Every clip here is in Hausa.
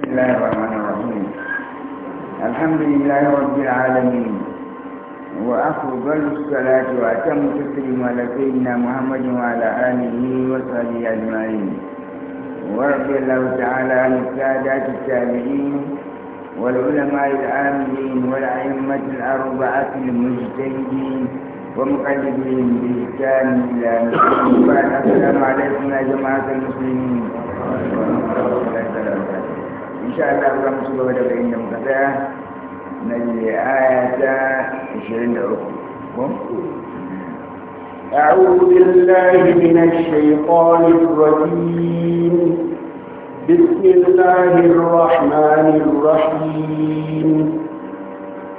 بسم الله الرحمن الرحيم الحمد لله رب العالمين وأفضل الصلاة وأتم التسليم على سيدنا محمد وعلى آله وصحبه أجمعين ورضي الله تعالى عن السادات التابعين والعلماء العاملين والأئمة الأربعة المجتهدين ومقلدين بإحسان إلى السلام عليكم يا جماعة المسلمين إن شاء الله أبقى مصيبة بدأ إن مقطع نجي آية 23 أعوذ بالله من الشيطان الرجيم بسم الله الرحمن الرحيم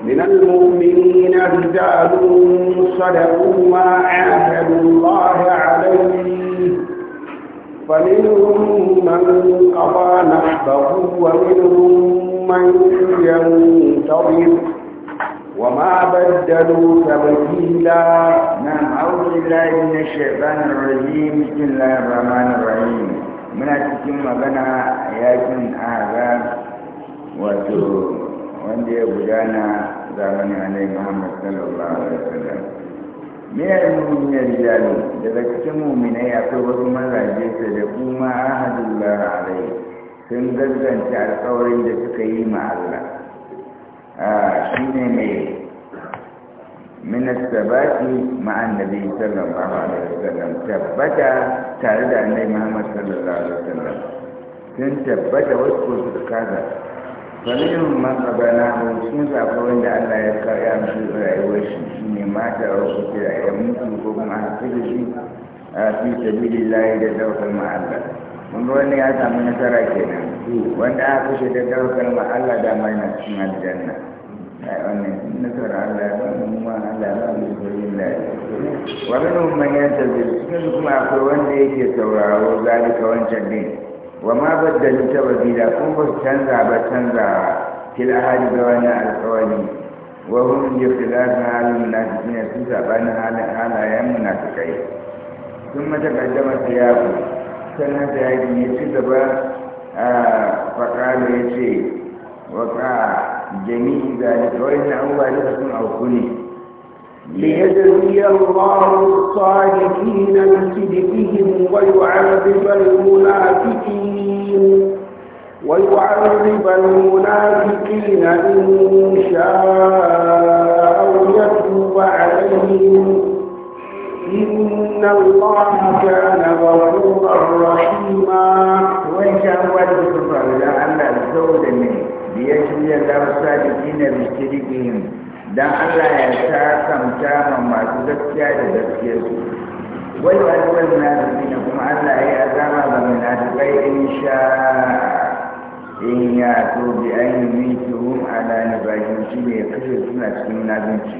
من المؤمنين رجال صدقوا ما عاهدوا الله عليه فمنهم من قضى نحبه ومنهم من ينتظر وما بدلوا تبديلا نعم أعوذ بالله من الشيطان الرجيم بسم الله الرحمن الرحيم من أتكلم مغنى آيات أعذاب وتو وندي أبو جانا زمن عليه محمد صلى الله عليه وسلم mina ilmin ya rijalu daga cikin muminai akwai wasu mazaje su da kuma ahadullah alai sun gaskanta alkawarin da suka yi ma Allah a shi ne mai minas sabati ma'an nabi sallallahu alaihi wasallam tabbata tare da annabi Muhammad sallallahu alaihi wasallam sun tabbata wasu su kaza. dalilin magabana sun zaɓi wanda Allah ya karya musu rayuwar shi shi ne mata a wasu kira ya mutu ko kuma a cikin shi a fi sabili layi da ɗaukar ma'alla mun ga wani ya samu nasara kenan wanda aka kashe da ɗaukar ma'alla da ma yana cikin aljanna ai wannan nasara Allah ya samu kuma Allah ya samu sabili layi wani mun manyan sabili cikin kuma akwai wanda yake sauraro zalika wancan din wa ma baddalu gida kun ba canza ba canza kila ahadi ga wani alkawari wa hum bi khilafi halin munafiqin sun sabanin halin halayen munafiqai sun mata kaddama siyaku sannan sayaki ya ci gaba a faƙalo ya ce wa ka jami'i zalika wa'in na abubuwa duka sun auku ne ليجزي الله الصالحين بصدقهم ويعذب المنافقين ويعذب المنافقين إن شاء أو يتوب عليهم إن الله كان غفورا رحيما وإن شاء الله يتوب على الزوج منه ليجزي الله الصالحين بصدقهم dan Allah ya sakamta ma masu gaskiya da gaskiya su wai wa ni wani nafi ne kuma Allah ya azama ga munafiqai in sha in ya to bi an yi mintuhum ala nabajin shi ne ya kashe suna cikin munafinci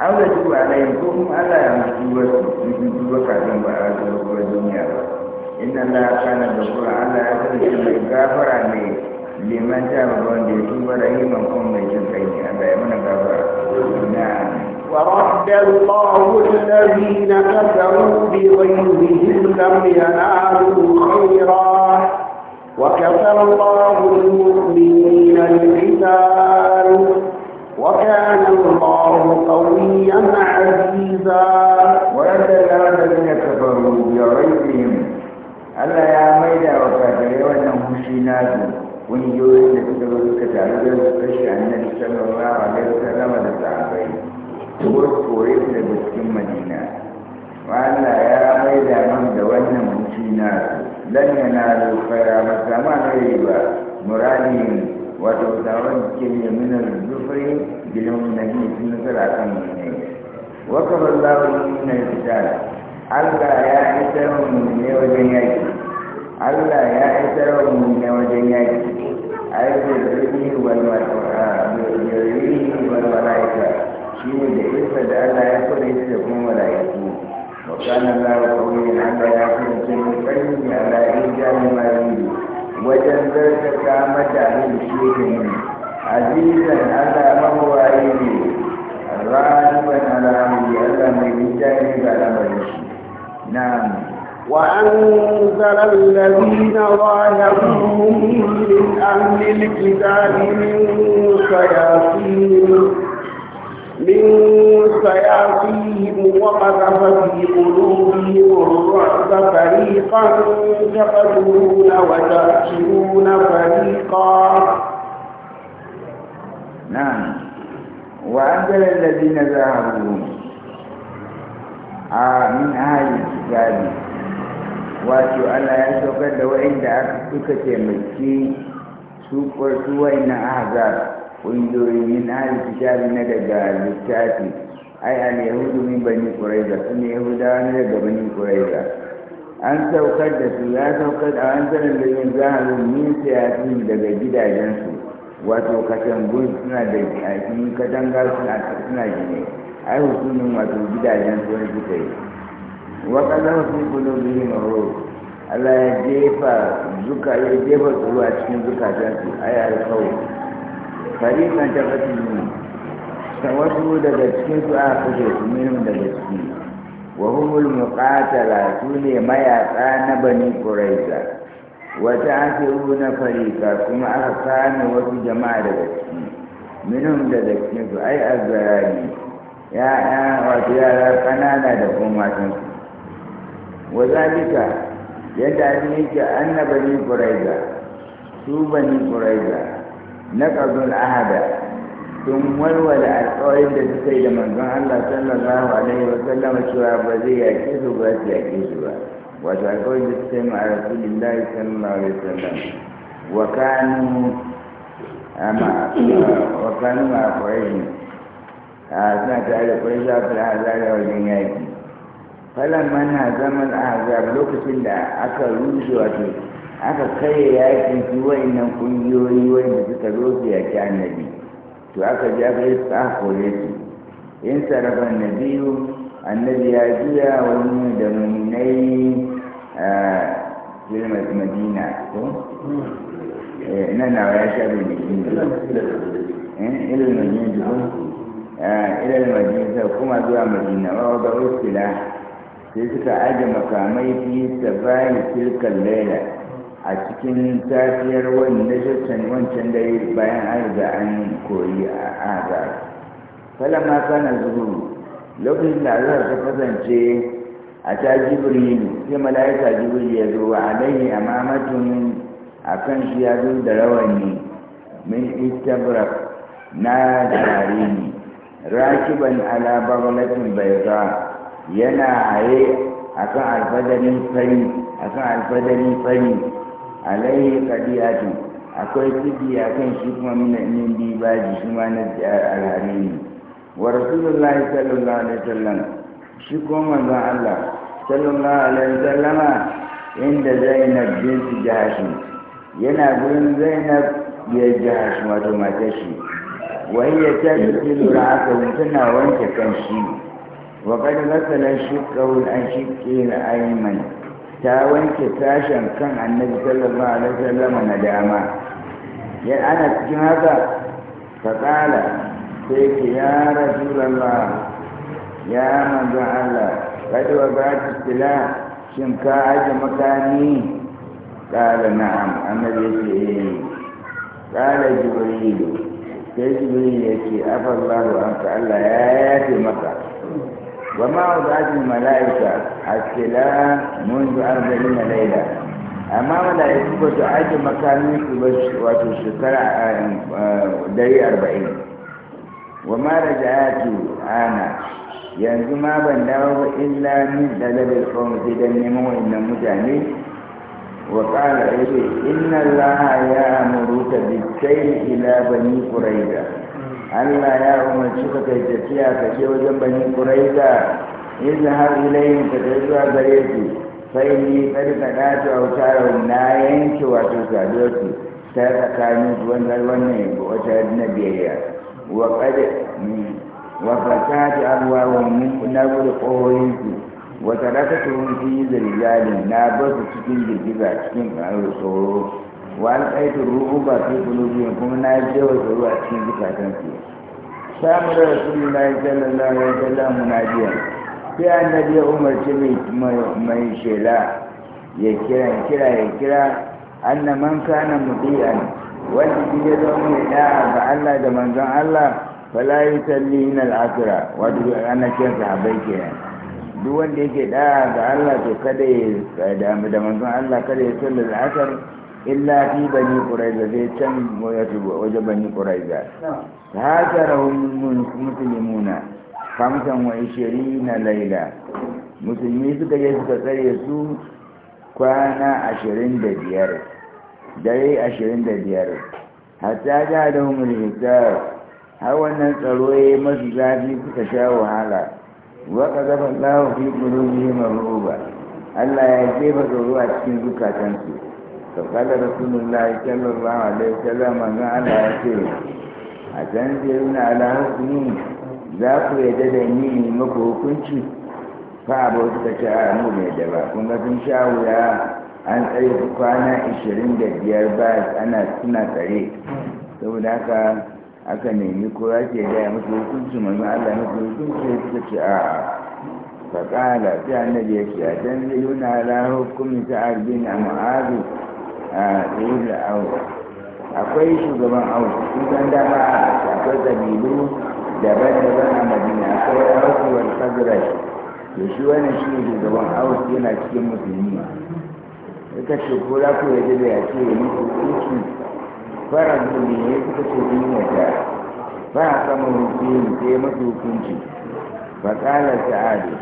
an da su ba layin ko kuma Allah ya mutu wasu mutu duba kafin ba a zuwa duniya ba inna Allah kana da kura Allah ya kashe mai gafara ne liman ta ba wanda ya tuba rahiman kuma mai jin kai ne ورد الله الذين كفروا بغيظهم لم ينالوا خيرا وكفى الله المؤمنين القتال وكان الله قويا عزيزا ورد الله الذين كفروا بغيظهم ألا يا ميدا وكافر وأنهم شيناتهم ƙungiyoyin da suka zo suka taru don su kashe annabi sallallahu alaihi wasallam da sahabbai su kore su daga cikin madina Allah ya mai da da wannan mutunci na lan yanalu khaira ba sama ne ba muradin wato tawon ke ne min al-zufri bil nabi sun nasara kan ne wa kaballahu min al-kitab Allah ya isa mun ne wajen yaki Allah ya isar wa ne wajen yaki ai da yi wal mala'ika shi ne da isa da Allah ya kore shi da kuma mala'iku wa kana la wa Allah qawiyyan Allah ya ne mu qawiyyan ala ijami ma yuri wajen zarta ka mata abin da shi yake yi azizan Allah mawaye ne rahiman ala ya Allah mai ijami ga lamarin shi na'am وأنزل الذين ظاهرهم من أهل الكتاب من شياطين من شياطينهم وقذف في قلوبهم الرعب فريقا تقتلون وتأكلون فريقا نعم وأنزل الذين ظاهرهم آه من أهل الكتاب wato Allah ya saukar da wa'inda aka suka taimaki su kwarsu na ahzab ƙungiyoyi na halittu kitabi na daga littafi ai al yahudu min bani su sun yahudawa wani daga bani ƙura'iza. an saukar da su ya saukar da an zarar da yin zahar min siyasi daga gidajensu wato katangun suna da aikin katangar suna jini ai hukumin wato gidajensu wani suka yi waɗannan fi kulubihim ruh Allah ya jefa zuka ya jefa tsoro a cikin kan ay alqaw ne. ta wasu daga cikin su aka kashe su minhum daga ciki wa humul muqatala su ne mayaƙa na bani quraiza wata asiru na ka kuma aka kame wasu jama'a daga ciki minin daga cikin su ay azzarani ya'ya wato yara ƙanana da kuma matansu wa zalika yadda abin yake anna bani quraiza su bani quraiza naqadul ahada sun walwala alƙawarin da suka yi da manzon Allah sallallahu alaihi wa sallama cewa ba zai yaƙe su ba su yaƙe ba wato alƙawarin da suka yi ma rasulillahi sallallahu alaihi wajen falamma na zaman azab lokacin da aka rushe wato aka kai yakin su wa'annan kungiyoyi wanda suka zo su yaki annabi to aka ji aka yi tsakore su in sarrafa annabiyu annabi ya juya wani da munai a filmas madina ko eh, nan nawa ya sha bai ne eh, ilil madina ko eh, ilil madina kuma zuwa madina wa wadda uskila sai suka aje makamai fi sabani tilkan laila a cikin tafiyar wannan shirkan wancan dare bayan an riga an koyi a azar falama kana zuhuru lokacin da azar ta kasance a ta jibrilu sai mala'ika jibril ya zo wa alaihi amamatun a kan shi ya zo da rawani min istabrak na jarimi rakiban ala bai ba. yana haye a kan alfadarin fari a kan alfadarin fari alaihi kadiyatu akwai kudi a kan shi kuma min biyu baji shi ma na alhari ne wa rasulullahi sallallahu alaihi sallam shi kuma manzon Allah sallallahu alaihi wasallama inda Zainab binti Jahashi yana gurin Zainab ya Jahashi wato matashi shi wai ya ta yi lura wuce tana wanke kan shi وقد غسل شقه الأشق الأيمن تاونك تاشا كان النبي صلى الله عليه وسلم نداما يا أنا cikin haka فقال سيك يا رسول الله يا من الله قد وضعت السلاح شنكا أجل مكاني قال نعم النبي إيه قال جبريل sai jibril ya ce afa Allahu an ka Allah ya yafe maka وما وضعت الملائكة السلام منذ أربعين ليلة أما ملائكة تعد مكانين وتشكر دري أربعين وما رجعت أنا yanzu ma ban dawo ba illa min dalabil qawm sai dan neman wannan mutane wa qala yace inna allaha ya'muruka bis-sayyi ila bani quraidah Allah ya umarci ka kai tafiya ka je wajen bani Quraiza yanzu har yin ka kai zuwa gare su sai ni kada ka dace a wutar na yanke wato saduwar su ta tsakanin wannan wannan wata na biyayya wa kada ta abuwa alwawun na gudu kohoyin su wa sadaka tuhun fi zirjalin na basu cikin girgiza cikin tsoro wa alƙaitu ruhu ba fi kulubiyin kuma na yi jewa tsoro a cikin zukatan su samu da yi sallallahu alaihi wasallam munajiya sai annabi ya umarci mai shela ya kira kira ya kira anna man kana mudi'an wanda shi ya zama mai da'a ga Allah da manzon Allah fala yusalli min al-akhirah wato ana kiran sahabbai kenan duk wanda yake da'a ga Allah to kada ya damu da manzon Allah kada ya salli al'asar illa fi bani ƙura'iza zai can waje bani quraiza hajarahum musulmuna. kamsan wa na laila musulmi suka je suka tsare su kwana ashirin da biyar dare ashirin da biyar hatta ja da humul har wannan tsaro ya masu zafi suka sha wahala waka zafa lahu fi biyu ruba Allah ya jefa tsoro a cikin zukatansu to kada rasulullahi sallallahu alaihi wasallam manzon Allah ya ce a can je yana ala hukumi za ku yarda da ni ne muku hukunci fa abu suka ce a mu ne da ba kun sun sha wuya an tsaye kwana ashirin da biyar ba ana suna saboda haka aka nemi ko za ke gaya musu hukunci manzon Allah ya musu suka a فقال في النبي يا a على حكم سعد بن معاذ a yi da awo akwai shugaban awo sun da ba akwai kabilu daban-daban a madina akwai awo wal khazraj da shi wani shi ne shugaban awo yana cikin musulmi suka ce ko za ku yaje ya ce ya muku kuki fara zumi ne suka ce sun yi wata ba a kama hukunci sai ya masu hukunci faƙalar sa'adu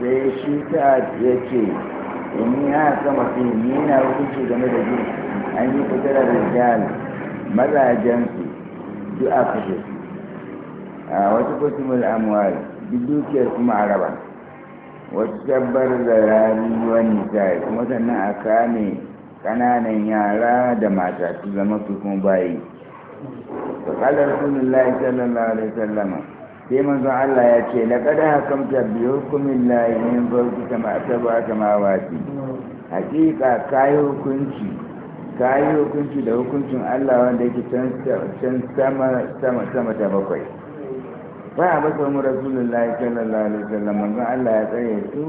sai shi ta ya ce in ya sama fi na hukunci game da jin an yi kudurar rijal mazajen su a kashe su a wata kusurmul amwal duk dukiyar kuma a raba wasu tabbar da rari wani kuma sannan a kame kananan yara da mata su zama su kuma bayi. Fakalar sunan Allah sallallahu alaihi wasallama sai manzon Allah ya ce kada laqad hakamta bi hukmillahi min fawqi samawati samawati hakika kai hukunci kai hukunci da hukuncin Allah wanda yake can sama sama sama ta bakwai ba a sa mu rasulullahi sallallahu alaihi wasallam manzon Allah ya tsare su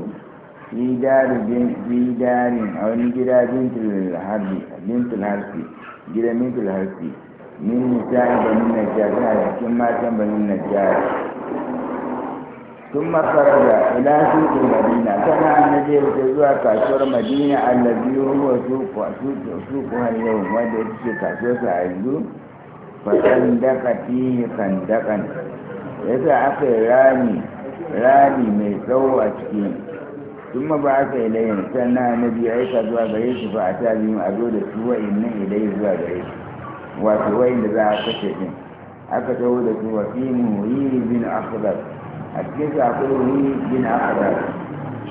fi darin fi darin a wani gida bintul harbi bintul harbi gida bintul harbi min nisa'i bani najjar yana da cikin matan bani najjar sun makarda ila suƙin madina sana annabi ya zuwa kasuwar madina allazi huwa suƙu har yau wanda ya ce kasuwarsa a yanzu fasan daka fihi sandakan yasa aka yi rami mai tsawo a cikin sun ma ba aka ilayin sannan annabi ya aika zuwa gare shi fa a ta biyu a zo da su wa'in nan ilayi zuwa gare wato wayin da za a kashe din aka taho da su wa fi muhiri bin akhdar a cikin sa akwai muhiri bin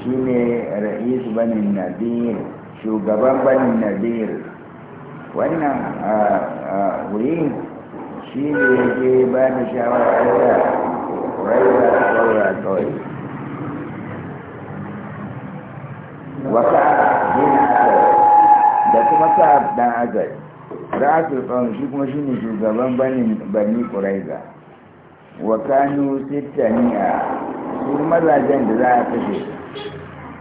shi ne ra'is banin nadir shugaban banin nadir wannan wuri shi ne yake ba da shawara ta raiwa saura kawai wata bin akhdar da kuma sa dan azar ra'atul qawm shi kuma shine shugaban bani bani quraiza wa kanu sittani'a su mazajen da za a kashe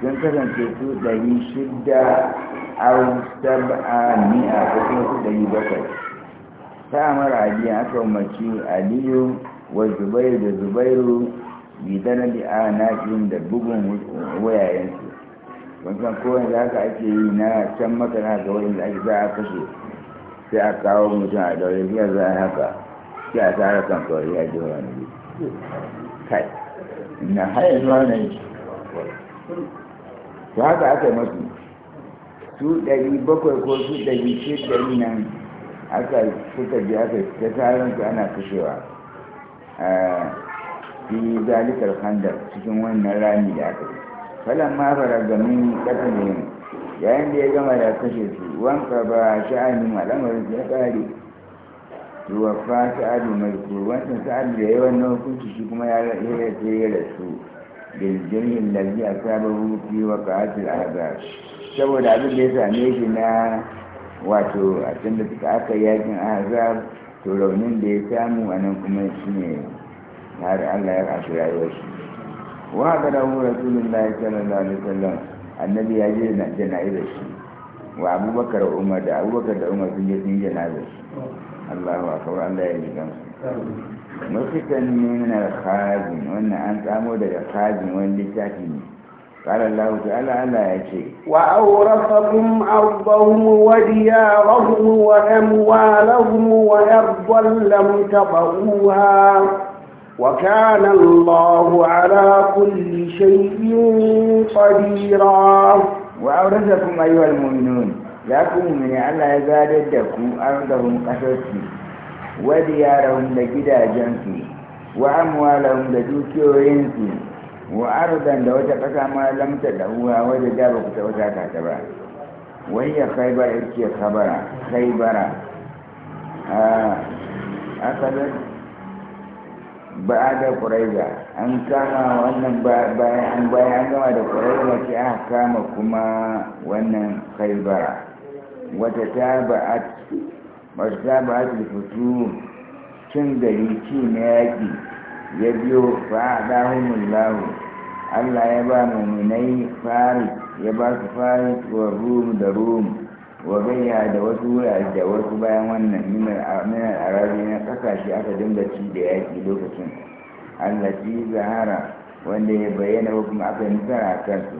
sun kasance su ɗari shidda au sab'a mi'a ko kuma su ɗari bakwai ta amara aliyu aka mace aliyu wa zubairu da zubairu bidana bi a naƙin da bugun wayayensu kun san kowane da aka ake yi na can makana ga wani da ake za a kashe sai a kawo mutum a daure biyar za a haka sai a tara kan kawai ya ji wani ne kai na haye zuwa yi to haka aka yi masu su ɗari bakwai ko su ɗari ce ɗari nan aka suka ji aka ta taron su ana kashewa a eh, fi zalikar handar cikin wannan rami da aka yi falon ma fara gamin ƙasa ne yayin da ya gama da kashe su wanka ba sha'anin al'amarin ya kare tuwafa sa'adu mai wancan sa'adu da yawan na hukunci shi kuma ya rasu rasu jirgin lalzi a sabon hutu wa ka'atul azab saboda abin da ya same shi na wato a can da suka aka yakin azab to raunin da ya samu a nan kuma shi ne har allah ya kashi rayuwar shi wa ga rahu rasulullahi sallallahu alaihi wasallam annabi ya je na jana'izar shi wa abubakar umar da abubakar da umar sun je sun yi jana'izar shi allahu akbar allah ya ji gamsu mafikan ne na khazin wannan an tsamo daga khazin wani littafi ne قال الله تعالى على شيء وأورثكم أرضهم وديارهم وأموالهم وأرضا لم تطئوها وكان الله على كل شيء قديرا وأورثكم أيها المؤمنون لكم من الله يزادكم أرضهم قصصي وديارهم لجدا جنسي وأموالهم لدوكيوينسي وأرضا لو تقسم لم تدعوها وجدابك توسعك تبع وهي خيبر إبكي خبرا خيبرا آه أخذت ba da ƙuraiza an kama wannan bayan bayan gama da ƙuraiza ce aka kama kuma wannan khaibara wata ta ba'at wata ta ba'at fito cin gari ci na yaƙi ya biyo fa'adahumul lahu Allah ya ba muminai faris ya ba su faris wa rum da rum wa gayya da wasu wurare da wasu bayan wannan minar arabi na kasashe aka dinga ci da yaƙi lokacin allaci zahara wanda ya bayyana ko kuma aka yi nasara a kansu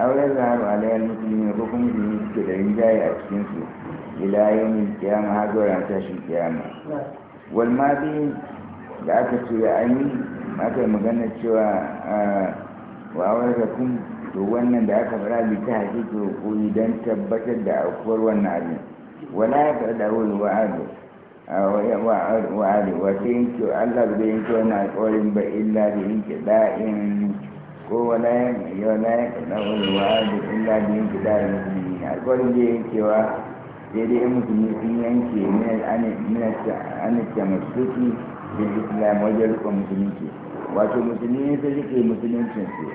aure zaharu alayar musulmi ko kuma musulmi suke da rinjaye a cikinsu ila yau kiyama har zuwa ran kiyama wal mafi da aka ce an yi aka yi magana cewa wa aure da kuma to wannan da aka fara bi ta hakiki hukumi don tabbatar da aukuwar wannan abin wala ya kada wani wa'adu wa'adu wata yanki allah ba zai yanki wannan alkawarin ba illa da yanki da'in ko wala ya kada wani wa'adu illa da yanki da'in musulmi alkawarin da yankewa sai dai yan musulmi sun yanke minasta anista masuki da islam wajen rikon musulunci wato musulmi ne sai suke musuluncinsu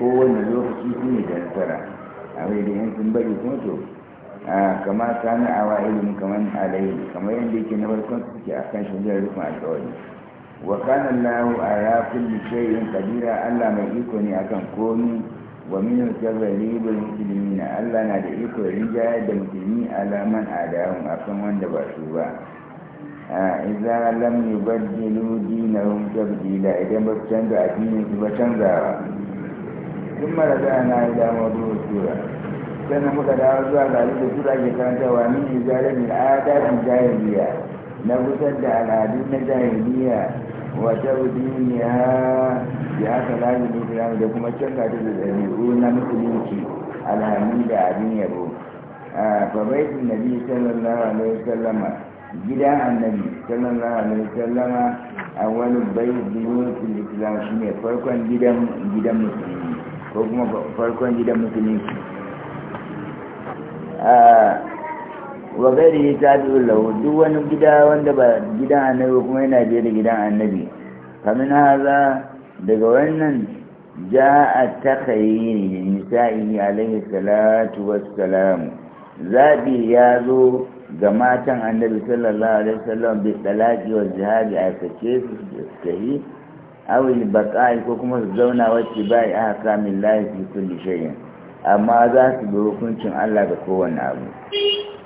kowane lokaci su ne da nasara amma idan yan sun bari kuma to kama kana awa ilimin kamar alayhi kamar yadda yake na farkon suke a kan shaidar rufin alkawari wa kana allahu ya kulli shay'in qadira allah mai iko ne akan komi wa min sharri bil muslimin allah na da iko rinjaya da musulmi alaman adahum akan wanda ba su ba idza lam yubaddilu dinahum tabdila idan ba su canza addinin su ba canzawa tun mara da na yi damar duhu tura sannan muka dawo zuwa ga da tura ke wa karantarwa min izalar ta adatin jahiliya na gusar da al'adun na jahiliya wata rudiniya ya aka lalini filamu da kuma canza ta da ɗabi'u na musulunci alhamdu da abin yabo a fabaitin nabi sallallahu alaihi wasallama gidan annabi sallallahu alaihi wasallama a wani bai biyun islam shine farkon gidan gidan musulmi ko kuma farkon gidan musulunci wa gairi ta biyu lau, duk wani gida wanda ba gidan annabi kuma yana biye da gidan annabi kamin haza daga wannan ja a takayyiri da nisa'i alaihi salatu wassalamu zaɓi ya zo ga matan annabi sallallahu alaihi wasallam bai talaqi wa jihadi a sake su da awil baqa'i ko kuma su zauna wacce bai a hakamin lahi fi kulli shay'in amma za su bi hukuncin Allah da kowanne abu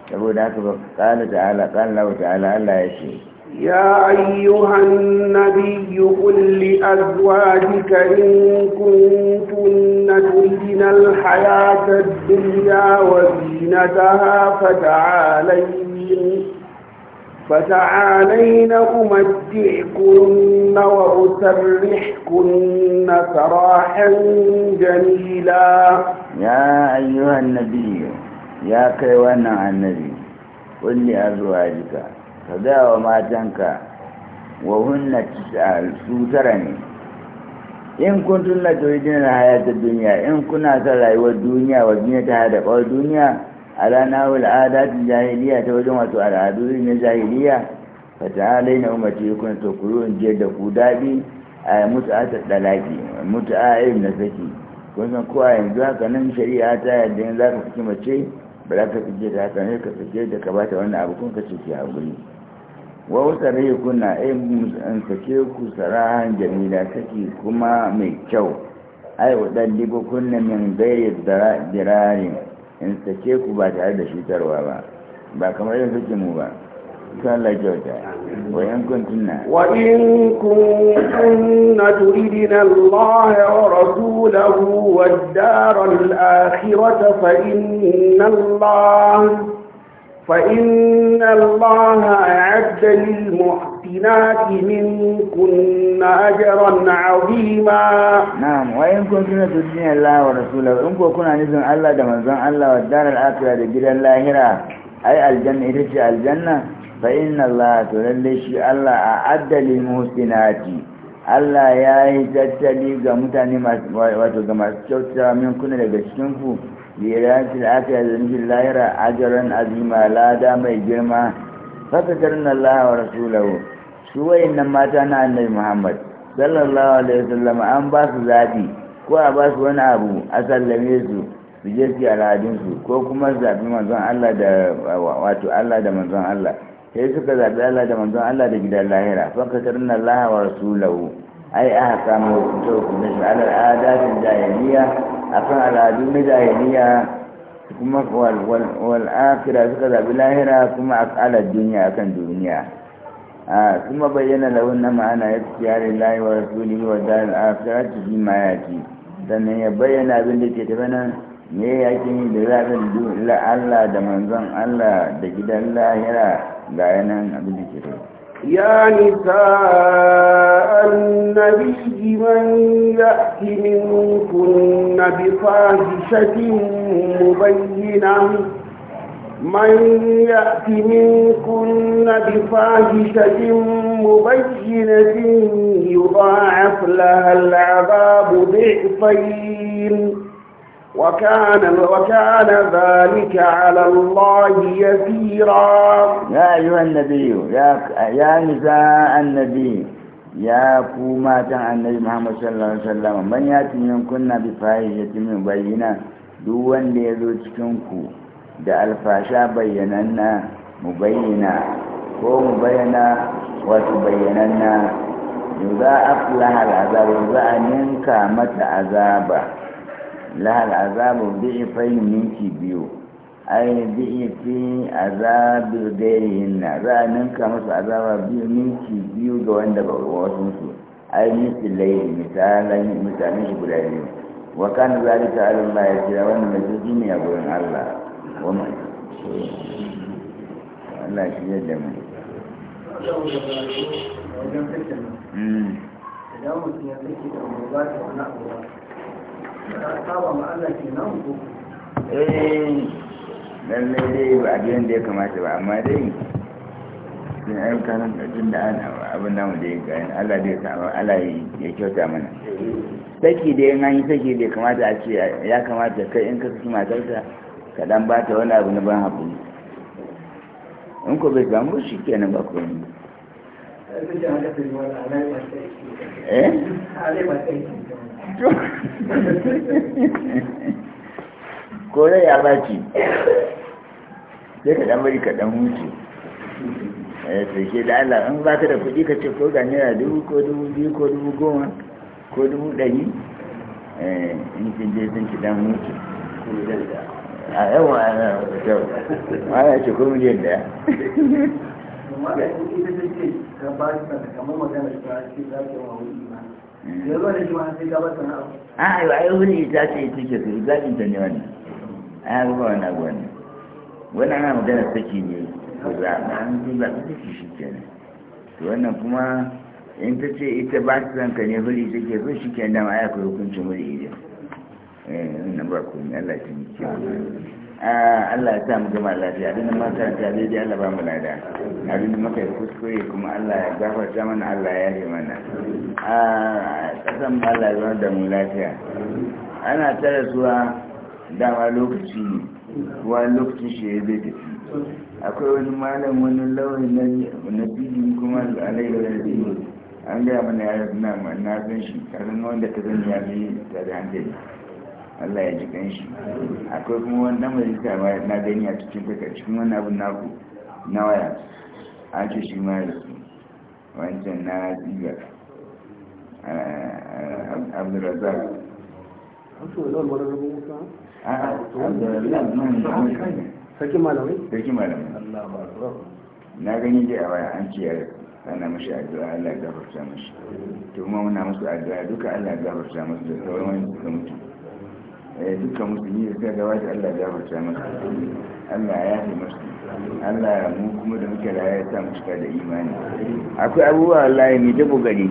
saboda haka ba da ta'ala qala Allah da Allah ya ce ya ayyuhan nabiyyu qul li azwajika in kuntunna turidna al-hayata ad-dunya wa zinataha fata'alayna فتعالين أمدعكن وأسرحكن سراحا جميلا يا أيها النبي يا كيوانا عن النبي قل لي أزواجك فذا وما تنكى وهن تسأل سوترني in kun kuntunna turidina alhayata duniya in kuna son rayuwar duniya wa duniya ta hada kawai duniya ala nawul adatin jahiliya ta wajen wato al'adu na jahiliya fa ta'alai na umarci kuna to ku jiyar da ku daɗi a mutu'a ta ɗalaƙi mutu'a irin na saki kun ko a yanzu hakanan shari'a ta yadda yanzu za ka saki mace ba za ka fice ta haka ne ka sake da ka bata wannan abu kun ka ce ki haƙuri wa wata rai kuna in sake ku sarahan jarida saki kuma mai kyau ai waɗanda kunna min gairi dirarin in sake ku ba tare da shitarwa ba ba kamar yadda suke mu ba la jota wa in kuntunna wa in kuntunna turidina Allah wa rasulahu wad daral akhirata fa inna Allah فإن الله أعد للمحسنات منكن أجرا عظيما نعم وإن كنتن تدين الله ورسوله وإن كنا نزم الله دمزم الله والدار الآخرة لجل اللاهرة أي الجنة إذا الجنة فإن الله تللش الله أعد للمحسنات Allah ya yi tattali ga mutane wato ga masu kyauta min kuna daga cikinku lirafi lafiya yi nufin lahira ajaran azima lada mai girma fakatar na Allah wa rasulahu su wayannan mata na annabi Muhammad sallallahu alaihi wasallam an ba su zaɓi. ko a ba su wani abu a sallame su su je su al'adun ko kuma su zabi manzon Allah da wato Allah da manzon Allah sai suka zabi Allah da manzon Allah da gidan lahira fakatar na Allah wa rasulahu ai aka kama wasu tsohon na shi al'adatin jahiliya akan al'adu na jahiliya kuma wal'akira suka zaɓi lahira kuma a ƙalar duniya akan duniya a kuma bayyana launin na ma'ana ya fi yare layi wa rasuli wa dar al'akira ta fi ma yaki sannan ya bayyana abin da ke tafi nan me ya ke yi da zaɓin Allah da manzon Allah da gidan lahira ga yanan abin da ke tafi يا نساء النبي من يأت منكن بفاحشة مبينة من يأت منكن بفاحشة مبينة يضاعف لها العذاب ضعفين وكان وكان ذلك على الله يسيرا يا أيها النبي يا يا نساء النبي يا كوما عن النبي محمد صلى الله عليه وسلم من يأتي منكن بفاحشة مبينة دون ليزوجكنكو da alfasha bayyananna mubayyana ko mubayyana wato bayyananna yanzu za a fulahar azaba yanzu a ninka mata lahal azabu bi'ifai minki biyu ai bi'ifi azabu dairihin na za a ninka musu azaba biyu minki biyu ga wanda ba wasu su ai minki layi misalan mutane shi guda biyu wa kan zalika alim ba ya kira wannan mai zuci ne a gurin allah wa mai allah shi yadda mai hmm. idan mutum ya sake da ba ta wani abu eh lallai dai ba abin da ya kamata ba amma dai sun ayyuka nan da tun da abin namu da ya gani allah da ya samu allah ya kyauta mana saki da yin hanyar saki da kamata a ce ya kamata kai in ka saki matarka ka dan ba ta wani abu na ban haƙuri in ko bai samu shi kenan ba komai eh kore ya baki sai ka dan bari ka dan wuce, sai ke da Allah an ba ka da kuɗi ka ce ko ga dubu ko dubu biyu ko dubu goma ko dubu ɗari eh in fi je sun ki dan huce a yawa ana ce ko miliyan ɗaya amma da kuma ita ta ce ka kamar ce za ta ka na a ai ta ce ita ce ta ne wani a yi wani abu wani wani ana magana saki ne ko zaɓa an yi ta ce shi ke to wannan kuma in ta ce ita ba ta zanka ne wuri ta shi ke Allah ya sa mu gama lafiya abinda mata ta daidai Allah ba mu lada abinda muka yi kuskure kuma Allah ya gafarta mana Allah ya yi mana a kasan Allah ya zama da mu lafiya ana tara zuwa dama lokaci ne kuwa lokacin shi ya zai tafi akwai wani malam wani launin na fili kuma alayyar da an gaya mana ya na san shi karin wanda ta zan ya fi tare hankali Allah ya ji kanshi akwai kuma wani dan majalisa ba na gani a cikin takar cikin wani abin naku na waya a ce shi ma da su wancan na tsiga eh, abdulrazak malamai malamai na gani dai a waya an ce ya ana mashi addu'a Allah ya gafarta mashi to kuma muna musu addu'a duka Allah ya gafarta masu da sauran wani suka mutu Eh, dukkan musulmi da suka gabata Allah ya gafarta masa Allah ya fi masu Allah mu kuma da muke raya ya mu cika da imani akwai abubuwa Allah ne mita bugari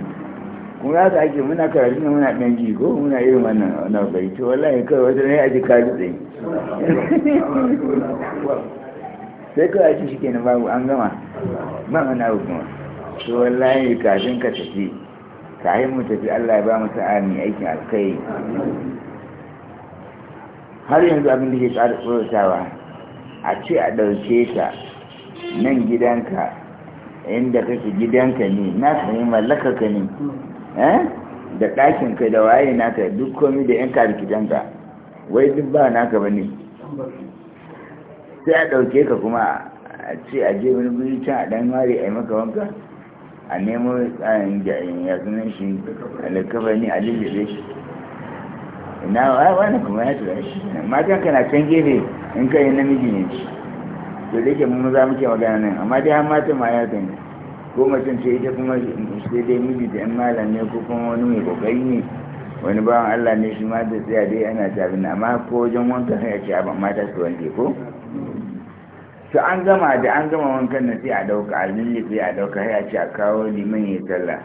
kuma haka ake muna karatu na muna ɗan ji ko muna irin wannan wannan bai to wallahi kai wata ne aji kaji tsaye sai kawai ake shi kenan babu an gama ba wani abu kuma to wallahi kafin ka tafi Kafin mu tafi Allah ya ba mu sa'a aikin alkai har yanzu abin da ke ƙara tsorotawa a ce a ɗauke ta nan gidanka inda kake gidanka ne na sami mallaka ka ne eh? da ɗakin ka da waye naka duk komi da yanka da gidanka wai duk ba naka ba ne sai a ɗauke ka kuma a ce a je wani guri can a ɗan mare a yi maka wanka a nemo tsarin ya sunan shi ne a lullube na wani kuma ya tura shi matan kana can gefe in kai namiji ne shi to da yake mun za muke magana nan amma dai har matan ma ya tani ko mutum ce ita kuma sai dai miji da yan malam ne ko kuma wani mai kokari ne wani bawan Allah ne shi ma da tsaya dai ana tabi na amma ko wajen wanka sai a ce abin mata su wanke ko to an gama da an gama wankan na sai a dauka a lullufe a ɗauka sai a ce a kawo liman ya sallah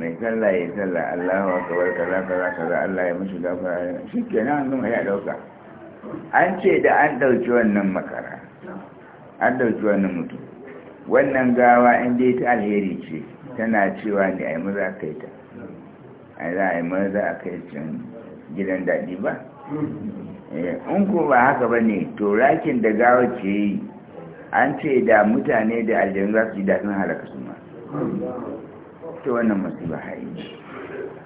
mai sallah ya sallah Allahu kawar kaza kaza kaza Allah ya mishi gafara ke nan ya dauka an ce da an dauki wannan makara an dauki wannan mutum wannan gawa in dai ta alheri ce tana cewa ne a yi maza a kai ta A yi za yi maza a kai cin gidan daɗi ba eh, in ko ba haka ba ne to rakin da gawa ce yi an ce da mutane da aljihun za su yi daɗin halaka su ma to wannan musiba haini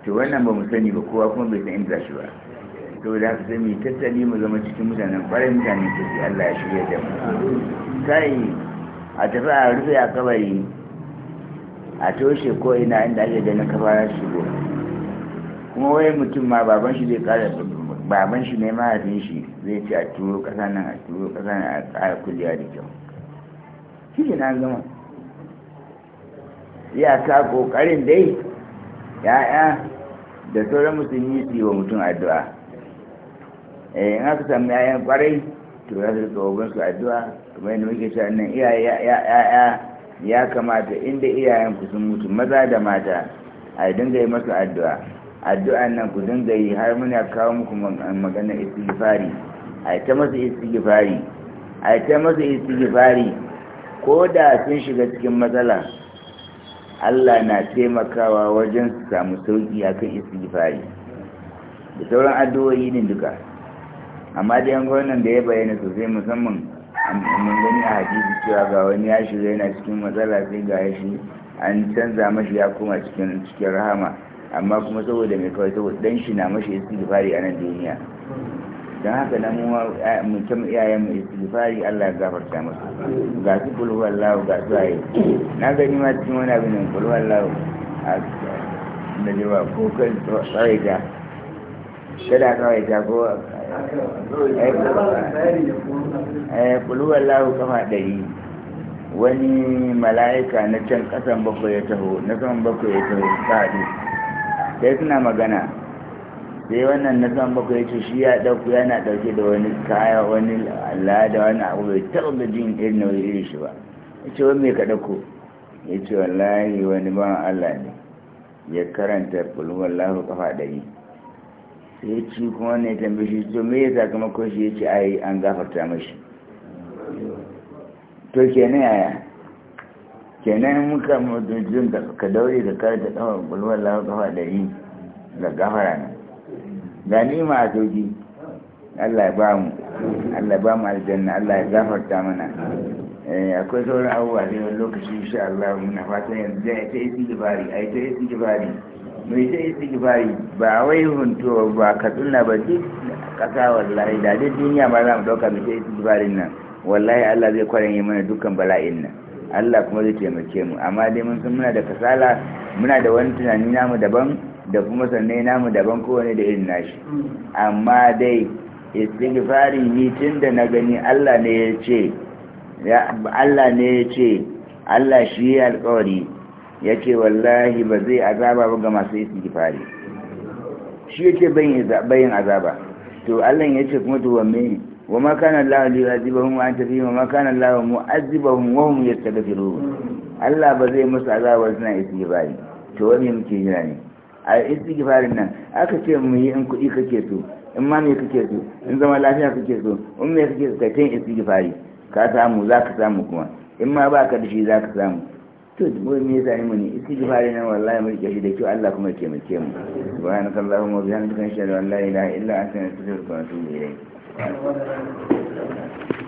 to wannan ba mu sani ba kowa kuma bai san inda shi ba to da haka sai mai tattali mu zama cikin mutanen ƙwarar mutane ta fi Allah ya shirya da mu sai a tafi a rufe a kabari a toshe ko ina inda ake na kafara shigo kuma wai mutum ma baban shi zai kara baban shi ne mahaifin shi zai ce a turo ƙasa nan a turo ƙasa nan a ƙara kuliya da kyau shi na gama iyaka ƙoƙarin dai ya'ya da sauran musulmi su yi wa mutum addu'a eh, in aka sami ya'yan kwarai to ya su tsohon su addu'a kuma yadda muke cewa nan ya'ya ya kamata inda iyayen ku sun mutu maza da mata a dinga yi masu addu'a addu'an nan ku dinga yi har muna kawo muku maganar istighfari a ta masu istighfari a ta masu istighfari ko da sun shiga cikin matsala Allah na taimakawa wajen su samu sauki akan istighfari da sauran addu'o'i ne duka amma da yan gwamnan da ya bayyana sosai musamman mun gani a hadisi cewa ga wani ya shiga yana cikin matsala sai ga shi an canza mashi ya koma cikin cikin rahama amma kuma saboda mai kawai saboda dan shi na mashi istighfari a nan duniya don haka nan mu ta mu iyayen mu istighfari Allah ya gafarta musu ga su kul wallahu ga su ayi na gani ma cikin wani abin nan kul wallahu da jiwa ko kai tsare ta kada kawai ta ko eh kul eh, wallahu kama ɗari wani mala'ika na can kasan bakwai ya taho na kan bakwai ya taho ta sai suna magana sai wannan na san bakwai ya ce shi ya ɗauku yana ɗauke da wani kaya wani alada da wani abu bai taɓa da jin irin nauyi irin shi ba ya ce wani mai ka ɗauko ya ce wallahi wani ban Allah ne ya karanta bulwar lahu kafa ɗari sai ci kuma ne tambaye shi to me ya sakamakon shi ya ce ai an gafarta mashi to kenan yaya kenan muka mutum ka daure ka karanta bulwar lahu kafa ɗari ga gafara nan ganima a jogi Allah ya ba mu Allah ba mu aljanna Allah ya gafarta mana eh, akwai sauran abubuwa da yawan lokaci insha Allah muna fatan yanzu ya ta yi tsigibari a yi ta yi mu mai ta yi tsigibari ba wai hunto ba katsina ba duk kasa wallahi da duk duniya ma za mu ɗauka mu ta yi tsigibarin nan wallahi Allah zai kwarin yi mana dukkan bala'in nan Allah kuma zai taimake mu amma dai mun san muna da kasala muna da wani tunani namu daban da kuma sannan namu daban kowane da irin nashi amma dai istighfari ni tun da na gani Allah ne ya ce Allah ne ya ce Allah shi ya alƙawari ya ce wallahi ba zai azaba ba ga masu istighfari shi ya ce bayin azaba to Allah ya ce kuma tuwa mai wa makana kana Allah li yu'adhibahum wa anta fihim wa makana Allah Allah mu'adhibahum wa hum yastaghfirun Allah ba zai musu azaba suna istighfari to wani muke jira ne a istighfarin nan aka ce mu yi in kuɗi kake so in ma me kake so in zama lafiya kake so in me kake so kai ta istighfari ka samu za ka samu kuma in ma ba ka da shi za ka samu to wai me yasa mu ne istighfari nan wallahi mu rike shi da kyau Allah kuma ya muke mu subhanaka allahumma wa bihamdika ashhadu an la ilaha illa anta astaghfiruka wa atubu ilayk